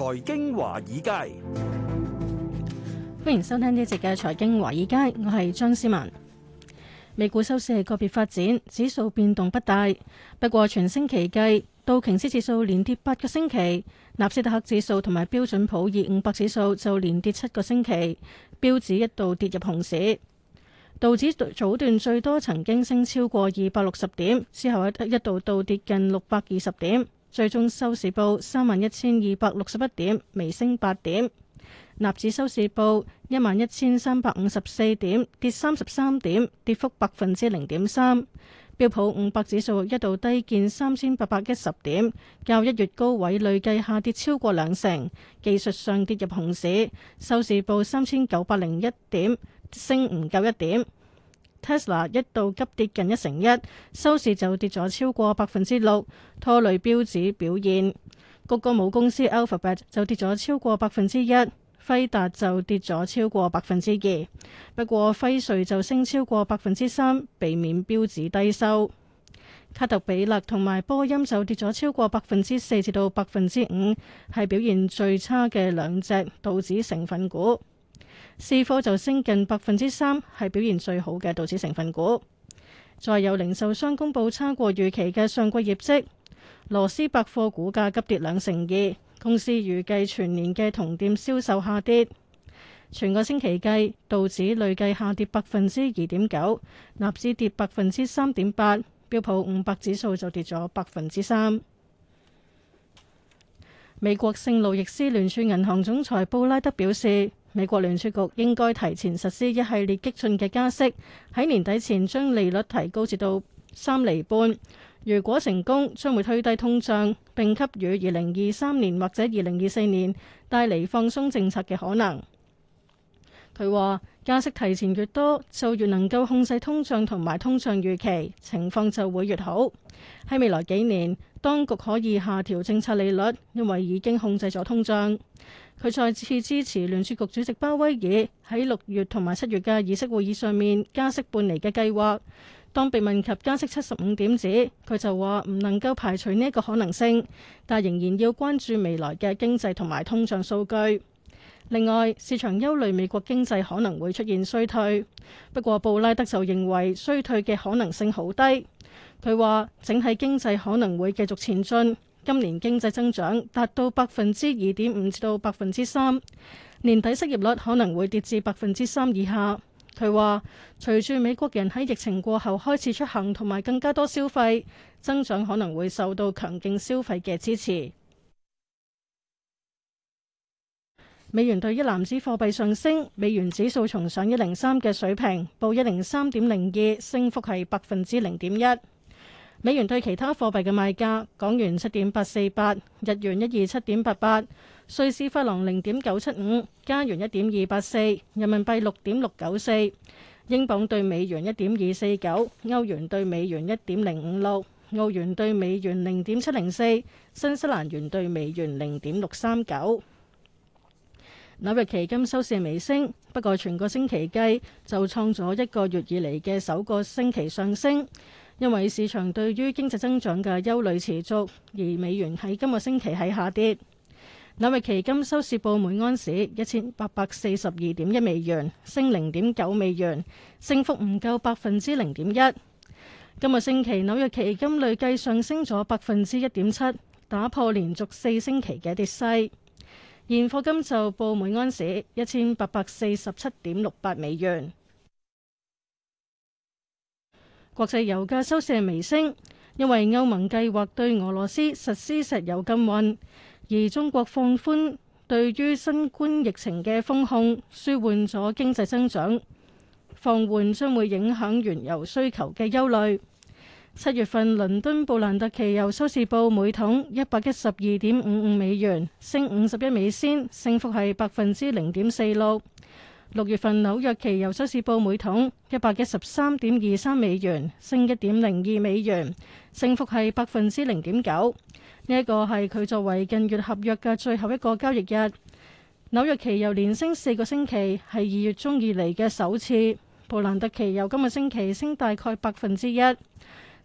財經華爾街，歡迎收聽呢一節嘅財經華爾街，我係張思文。美股收市係個別發展，指數變動不大。不過全星期計，道瓊斯指數連跌八個星期，納斯達克指數同埋標準普爾五百指數就連跌七個星期，標指一度跌入熊市。道指早段最多曾經升超過二百六十點，之後一度倒跌近六百二十點。最終收市報三萬一千二百六十一點，微升八點。納指收市報一萬一千三百五十四點，跌三十三點，跌幅百分之零點三。標普五百指數一度低見三千八百一十點，較一月高位累計下跌超過兩成，技術上跌入熊市。收市報三千九百零一點，升唔夠一點。Tesla 一度急跌近一成一，收市就跌咗超過百分之六，拖累標指表現。谷歌母公司 Alphabet 就跌咗超過百分之一，輝達就跌咗超過百分之二。不過輝瑞就升超過百分之三，避免標指低收。卡特彼勒同埋波音就跌咗超過百分之四至到百分之五，係表現最差嘅兩隻道指成分股。市貨就升近百分之三，係表現最好嘅道指成分股。再有零售商公布差過預期嘅上季業績，羅斯百貨股價急跌兩成二，公司預計全年嘅同店銷售下跌。全個星期計，道指累計下跌百分之二點九，納指跌百分之三點八，標普五百指數就跌咗百分之三。美國聖路易斯聯儲銀行總裁布拉德表示。美國聯儲局應該提前實施一系列激進嘅加息，喺年底前將利率提高至到三厘半。如果成功，將會推低通脹，並給予二零二三年或者二零二四年帶嚟放鬆政策嘅可能。佢話。加息提前越多，就越能夠控制通脹同埋通脹預期，情況就會越好。喺未來幾年，當局可以下調政策利率，因為已經控制咗通脹，佢再次支持聯儲局主席鮑威爾喺六月同埋七月嘅議息會議上面加息半釐嘅計劃，當被問及加息七十五點子，佢就話唔能夠排除呢一個可能性，但仍然要關注未來嘅經濟同埋通脹數據。另外，市場憂慮美國經濟可能會出現衰退，不過布拉德就認為衰退嘅可能性好低。佢話整體經濟可能會繼續前進，今年經濟增長達到百分之二點五至到百分之三，年底失業率可能會跌至百分之三以下。佢話隨住美國人喺疫情過後開始出行同埋更加多消費，增長可能會受到強勁消費嘅支持。美元兌一籃子貨幣上升，美元指數重上一零三嘅水平，報一零三點零二，升幅係百分之零點一。美元對其他貨幣嘅賣價：港元七點八四八，日元一二七點八八，瑞士法郎零點九七五，加元一點二八四，人民幣六點六九四，英鎊對美元一點二四九，歐元對美元一點零五六，澳元對美元零點七零四，新西蘭元對美元零點六三九。紐約期金收市微升，不過全個星期計就創咗一個月以嚟嘅首個星期上升，因為市場對於經濟增長嘅憂慮持續，而美元喺今個星期喺下跌。紐約期金收市報每安士一千八百四十二點一美元，升零點九美元，升幅唔夠百分之零點一。今個星期紐約期金累計上升咗百分之一點七，打破連續四星期嘅跌勢。現貨金就報每安士一千八百四十七點六八美元。國際油價收市微升，因為歐盟計劃對俄羅斯實施石油禁運，而中國放寬對於新冠疫情嘅封控，舒緩咗經濟增長放緩，將會影響原油需求嘅憂慮。七月份倫敦布蘭特期油收市報每桶一百一十二點五五美元，升五十一美仙，升幅係百分之零點四六。六月份紐約期油收市報每桶一百一十三點二三美元，升一點零二美元，升幅係百分之零點九。呢一、這個係佢作為近月合約嘅最後一個交易日。紐約期油連升四個星期，係二月中以嚟嘅首次。布蘭特期油今個星期升大概百分之一。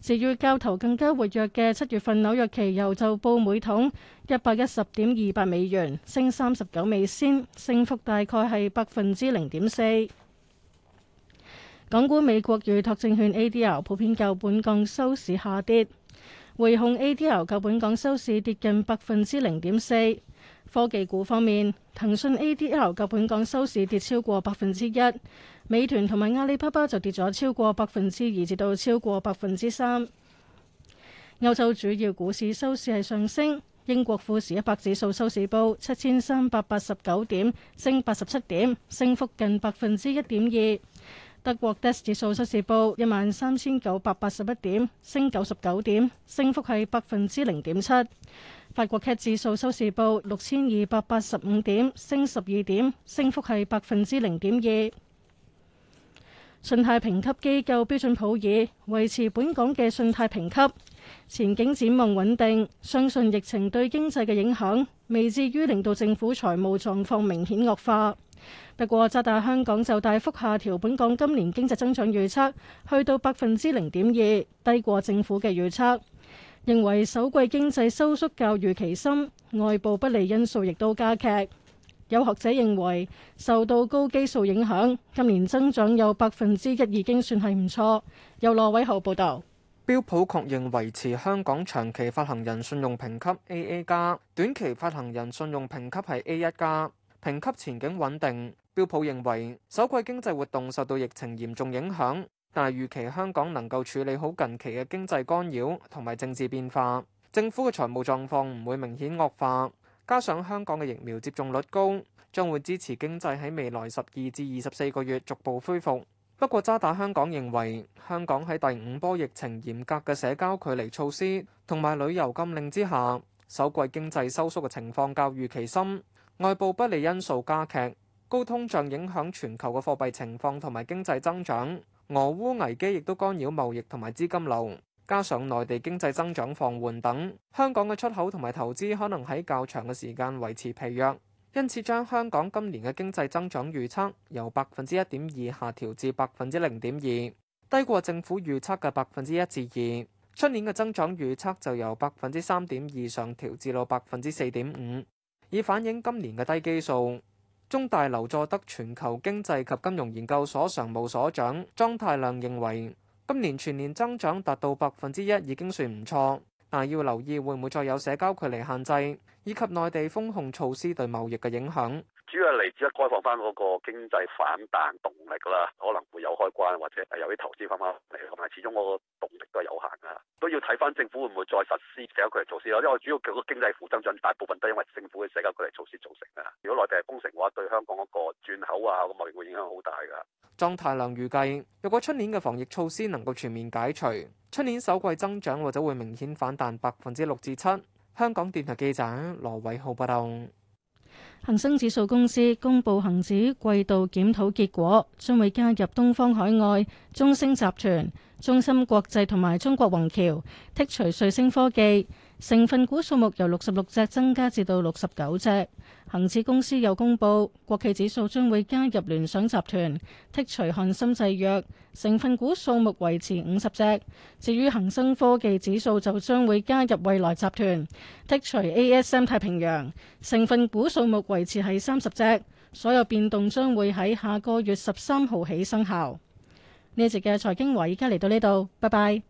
至於交投更加活躍嘅七月份紐約期油就報每桶一百一十點二八美元，升三十九美仙，升幅大概係百分之零點四。港股美國預託證券 A.D.O 普遍較本港收市下跌，匯控 A.D.O 較本港收市跌近百分之零點四。科技股方面，騰訊 A.D.L 就本港收市跌超過百分之一，美團同埋阿里巴巴就跌咗超過百分之二，至到超過百分之三。歐洲主要股市收市係上升，英國富時一百指數收市報七千三百八十九點，升八十七點，升幅近百分之一點二。德國 DAX 指數收市報一萬三千九百八十一點，升九十九點，升幅係百分之零點七。法國 CAC 指數收市報六千二百八十五點，升十二點，升幅係百分之零點二。信貸評級機構標準普爾維持本港嘅信貸評級前景展望穩定，相信疫情對經濟嘅影響未至於令到政府財務狀況明顯惡化。不過，渣打香港就大幅下調本港今年經濟增長預測，去到百分之零點二，低過政府嘅預測。認為首季經濟收縮較預期深，外部不利因素亦都加劇。有學者認為受到高基數影響，今年增長有百分之一已經算係唔錯。由羅偉豪報導，標普確認維持香港長期發行人信用評級 AA 加，短期發行人信用評級係 A 一加，評級前景穩定。標普認為首季經濟活動受到疫情嚴重影響。但係預期香港能夠處理好近期嘅經濟干擾同埋政治變化，政府嘅財務狀況唔會明顯惡化。加上香港嘅疫苗接種率高，將會支持經濟喺未來十二至二十四個月逐步恢復。不過渣打香港認為香港喺第五波疫情嚴格嘅社交距離措施同埋旅遊禁令之下，首季經濟收縮嘅情況較預期深。外部不利因素加劇，高通脹影響全球嘅貨幣情況同埋經濟增長。俄烏危機亦都干擾貿易同埋資金流，加上內地經濟增長放緩等，香港嘅出口同埋投資可能喺較長嘅時間維持疲弱，因此將香港今年嘅經濟增長預測由百分之一點二下調至百分之零點二，低過政府預測嘅百分之一至二。出年嘅增長預測就由百分之三點二上調至到百分之四點五，以反映今年嘅低基數。中大劉佐德全球經濟及金融研究所常務所長莊太亮認為，今年全年增長達到百分之一已經算唔錯，但要留意會唔會再有社交距離限制，以及內地封控措施對貿易嘅影響。主要係嚟自一開放翻嗰個經濟反彈動力啦，可能會有開關，或者誒有啲投資翻翻嚟，同埋始終嗰個動力都係有限噶，都要睇翻政府會唔會再實施社交距離措施啦。因為我主要叫個經濟負增長大部分都因為政府嘅社交距離措施造成嘅。如果內地係封城嘅話，對香港嗰個轉口啊咁啊，那個、會影響好大噶。莊太亮預計，若果出年嘅防疫措施能夠全面解除，出年首季增長或者會明顯反彈百分之六至七。香港電台記者羅偉浩報道。恒生指數公司公布恒指季度檢討結果，將會加入東方海外、中升集團、中芯國際同埋中國宏橋，剔除瑞聲科技。成分股數目由六十六隻增加至到六十九隻。恒指公司又公布，國企指數將會加入聯想集團，剔除翰森製藥，成分股數目維持五十隻。至於恒生科技指數就將會加入蔚來集團，剔除 A S M 太平洋，成分股數目維持係三十隻。所有變動將會喺下個月十三號起生效。呢一節嘅財經華，而家嚟到呢度，拜拜。